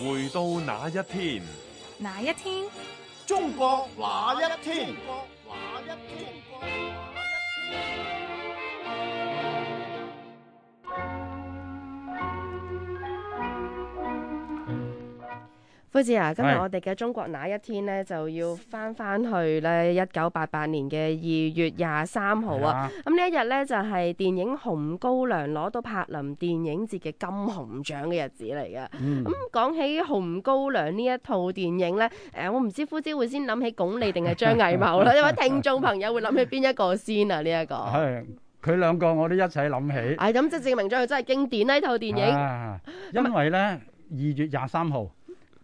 回到那一天，那一天，中國那一天？中國那一天？夫子啊，今日我哋嘅《中國那一天》咧就要翻翻去咧一九八八年嘅二月廿三號啊！咁呢一日咧就係電影《紅高粱》攞到柏林電影節嘅金熊獎嘅日子嚟嘅。咁講起《紅高粱》呢一套電影咧，誒，我唔知夫子會先諗起鞏俐定係張藝謀啦。因為聽眾朋友會諗起邊一個先啊？呢一個係佢兩個，我都一齊諗起。係咁，即係證明咗佢真係經典呢套電影。因為咧，二月廿三號。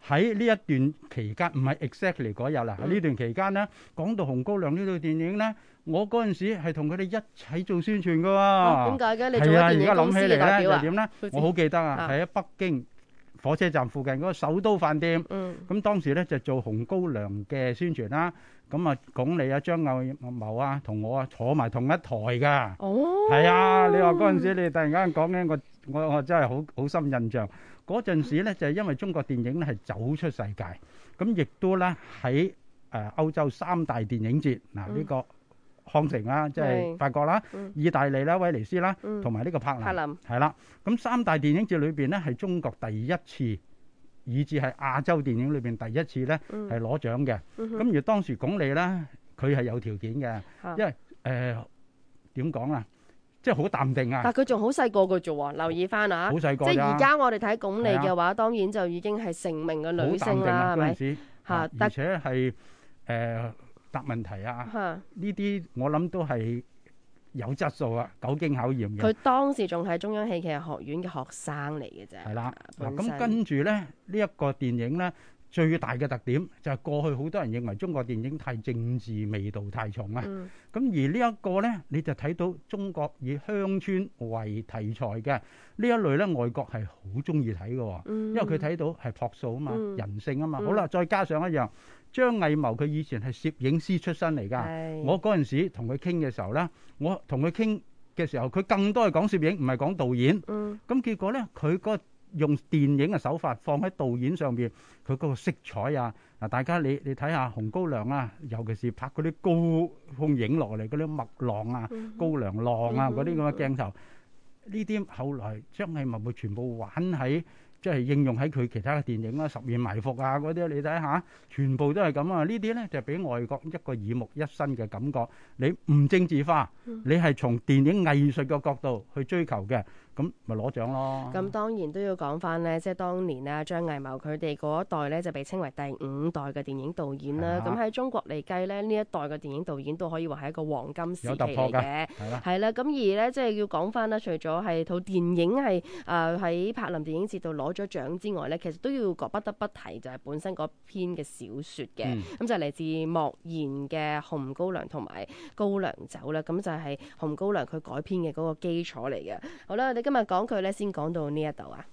喺呢一段期間，唔係 exactly 嗰日啦。喺呢段期間咧，講到《紅高粱》呢套電影咧，我嗰陣時係同佢哋一齊做宣傳嘅喎。哦，點解嘅？你係啊？而家諗起嚟咧，點咧？我好記得啊，係喺北京火車站附近嗰個首都飯店。嗯。咁當時咧就做《紅高粱》嘅宣傳啦。咁啊，鞏俐啊、張藝謀啊，同我啊坐埋同一台㗎。哦。係啊！你話嗰陣時，你突然間講緊，我我我真係好好深印象。嗰陣時咧，就係、是、因為中國電影咧係走出世界，咁亦都咧喺誒歐洲三大電影節，嗱、啊、呢、這個康、嗯、城啦、啊，即、就、係、是、法國啦、啊、嗯、意大利啦、啊、威尼斯啦、啊，同埋呢個柏林，柏林，係啦。咁三大電影節裏邊咧，係中國第一次，以至係亞洲電影裏邊第一次咧係攞獎嘅。咁、嗯嗯、而當時鞏俐咧，佢係有條件嘅，因為誒點講啊？呃即係好淡定啊！但佢仲好細個嘅啫喎，留意翻啊！好細個即係而家我哋睇鞏俐嘅話，當然就已經係成名嘅女性啦，係咪、啊？吓，而且係誒、呃、答問題啊，呢啲我諗都係有質素啊，久經考驗嘅。佢當時仲係中央戲劇學院嘅學生嚟嘅啫。係啦、啊，嗱身，咁、啊、跟住咧呢一、這個電影咧。最大嘅特點就係、是、過去好多人認為中國電影太政治味道太重啊，咁、嗯、而呢一個呢，你就睇到中國以鄉村為題材嘅呢一類呢，外國係好中意睇㗎喎，嗯、因為佢睇到係樸素啊嘛，嗯、人性啊嘛，好啦，再加上一樣，張藝謀佢以前係攝影師出身嚟㗎，是我嗰陣時同佢傾嘅時候呢，我同佢傾嘅時候，佢更多係講攝影，唔係講導演，咁、嗯、結果呢，佢、個。用電影嘅手法放喺導演上邊，佢個色彩啊嗱，大家你你睇下《紅高粱》啊，尤其是拍嗰啲高空影落嚟嗰啲麥浪啊、高粱浪啊嗰啲咁嘅鏡頭，呢啲後來張藝謀會全部玩喺。即係應用喺佢其他嘅電影啊，《十面埋伏》啊嗰啲，你睇下，全部都係咁啊！呢啲咧就俾外國一個耳目一新嘅感覺。你唔政治化，你係從電影藝術嘅角度去追求嘅，咁咪攞獎咯。咁當然都要講翻咧，即係當年啊張藝謀佢哋嗰一代咧就被稱為第五代嘅電影導演啦。咁喺中國嚟計咧，呢一代嘅電影導演都可以話係一個黃金時期嚟嘅，係啦。咁而咧即係要講翻啦，除咗係套電影係誒喺柏林電影節度攞。攞咗獎之外咧，其實都要講不得不提，就係本身嗰篇嘅小說嘅，咁、嗯、就係嚟自莫言嘅《紅高粱》同埋《高粱酒》啦，咁就係、是《紅高粱》佢改編嘅嗰個基礎嚟嘅。好啦，我哋今日講佢咧，先講到呢一度啊。